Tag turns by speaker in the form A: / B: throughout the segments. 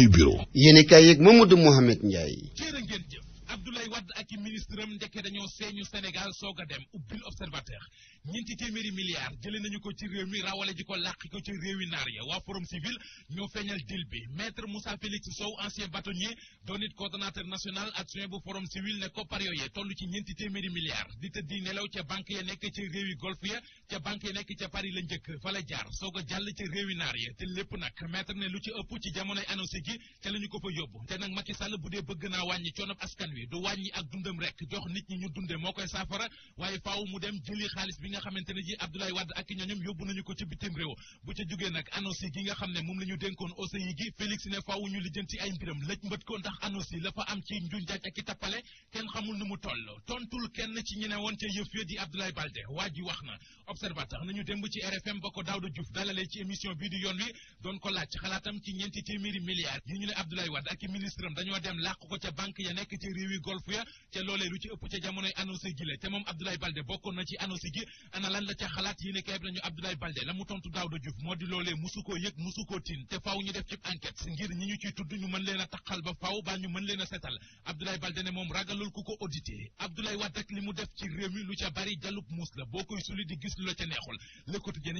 A: du bureau. yéen a kaay yeeg Mamadou Mouhamed Abdoulaye Wade ak i ministre am ndekke dañoo seeñu Sénégal soog a dem ubbil observateur ñeenti téeméeri milliards jëlee nañu ko ci réew mi rawale ji ko làq ko ci réewi naar ya waa forum civil ñoo feeñal dil bi maître Moussa Félix Sow ancien bâtonnier doon it national adjoint bu forum civil ne koppar yooyee toll ci ñeenti téeméeri milliards di tëdd di nelaw ca banque ya nekk ca réewi golf ya ca banque ya nekk ca Paris la njëkk fa la jaar soog a lépp nag maître ne lu ci ëpp ci jamonoy annoncé gi ko fa te nag Macky Sall bu dee bëgg naa wàññi coonab askan wi bi du wàññi ak dundam rek jox nit ñi ñu dunde moo koy saafara waaye faaw mu dem jëli xaalis bi nga xamante ne ji Abdoulaye Wade ak ñoñom yóbbu nañu ko ci bitim réew bu ca jógee nag annonce gi nga xam ne moom la ñu dénkoon OCI gi Félix ne faaw ñu lijjanti ay mbiram lëj mbët ko ndax annonce la fa am ci njuñ jaaj i tappale kenn xamul nu mu toll tontul kenn ci ñu ne woon ca yëf ya di Abdoulaye Baldé waa ji wax na observateur nañu démb ci RFM ba ko Daouda Diouf dalalee ci émission bii di yoon wi doon ko laaj xalaatam ci ñeenti téeméeri milliards yi ñu ne Abdoulaye Wade ak i ministre am dañoo dem làq ko ca banque ya nekk ca réewi golf ya ca loolee lu ci ëpp ca jamonoy annoncé gi la te moom Abdoulaye Baldé bokkoon na ci annoncé gi ana lan la ca xalaat yi ne kayib nañu la mu tontu ñu def ci enquête ngir ñi ñu ciy tudd ñu mën leen a ku ko audité Abdoulaye Wade ak li mu def ci réew mi lu ca bari jalub muus la boo koy suli di gis lu la ca neexul le quotidien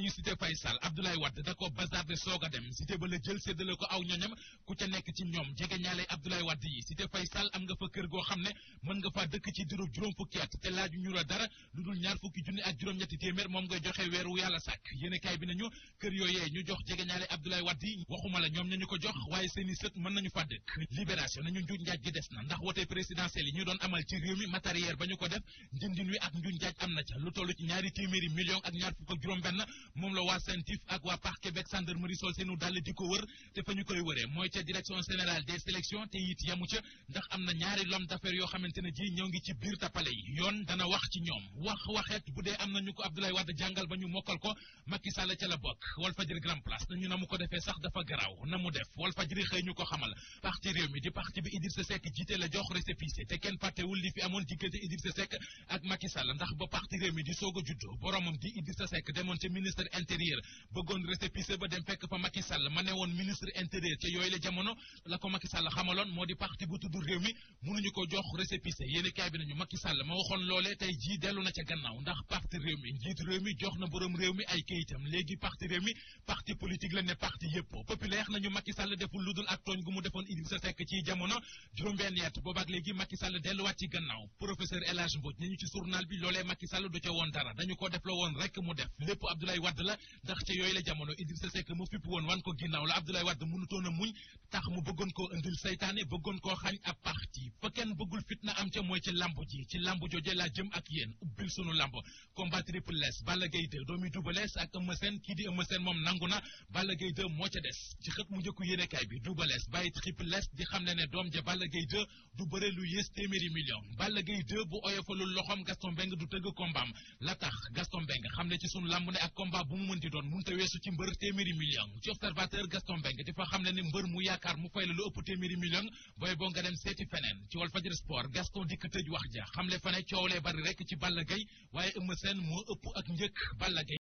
A: a yi nañu jox jege ñaale Abdoulaye Wade yi waxuma la ñoom ñu ko jox waaye seeni sët mën nañu fa dëkk libération nañu njuuj njaaj gi des na ndax wote présidentiel yi ñu doon amal ci réew mi matériel ba ñu ko def njëndin wi ak njuñ jaaj am na ca lu toll ci ñaari téeméeri million ak ñaar fukk ak juróom-benn moom la waa sentif ak waa parc Québec gendarmerie sol seenu dàll di ko wër te fa ñu koy wëree mooy ca direction générale des sélections te it yamu ca ndax am na ñaari l'homme d'affaires yoo xamante ne ji ñoo ngi ci biir tapale yi yoon dana wax ci ñoom wax waxeet bu dee am na ñu ko Abdoulaye Wade jàngal ba ñu mokkal ko Macky Sall ca la bokk defee sax dafa garaaw na mu def Walf Fadjri xëy ñu ko xamal parti réew fàttewul li fi amoon diggante Idrissa Seck ak Macky ndax ba parti Rewmi di soog a juddu boromam di Idrissa Seck demoon ca ministre intérieur bëggoon récépissé ba dem fekk fa Macky ma ne woon ministre intérieur ca yooyu jamono la ko Macky xamaloon moo di parti bu tudd Rewmi mënuñu ko jox récépissé yéeni kaay bi nañu Macky ma waxoon loolee tey jii dellu na ca gannaaw ndax parti Rewmi njiit Rewmi jox na borom Rewmi ay kayitam léegi parti delluwaat ci gannaaw El Hadj Mbodj nañu ci journal bi loolee Macky du ca woon dara dañu ko def la woon rek mu def lépp Abdoulaye Wade la ndax ca yooyu la jamono Idrissa Seck mu fipp woon wan ko ginnaaw la Abdoulaye Wade mënutoon a muñ tax mu bëggoon koo indil saytaane bëggoon koo xañ ab parti fa kenn bëggul fitna am ca mooy ci lamb ji ci lamb jooje laa jëm ak yéen ubbil sunu lamb combat triple S Balla Gaye doomi Double Less ak Eumeu kii di Eumeu moom fukki million Balla Gaye 2 bu oyofalul loxoom Gaston Mbengue du tëgg kombaam la tax Gaston Mbengue xam ne ci sunu làmb ne ak combat bu mu mënti doon munta weesu ci mbër téeméeri million ci observateur Gaston Mbengue di fa ne mbër mu yaakaar mu fay la lu ëpp téeméeri million booy boo nga dem seeti feneen ci Walf Fadjri Sport Gaston dikk tëj wax ja xam fa ne coow lee bari rek ci Balla Gaye waaye Eumeu Sène moo ëpp ak njëkk Balla Gaye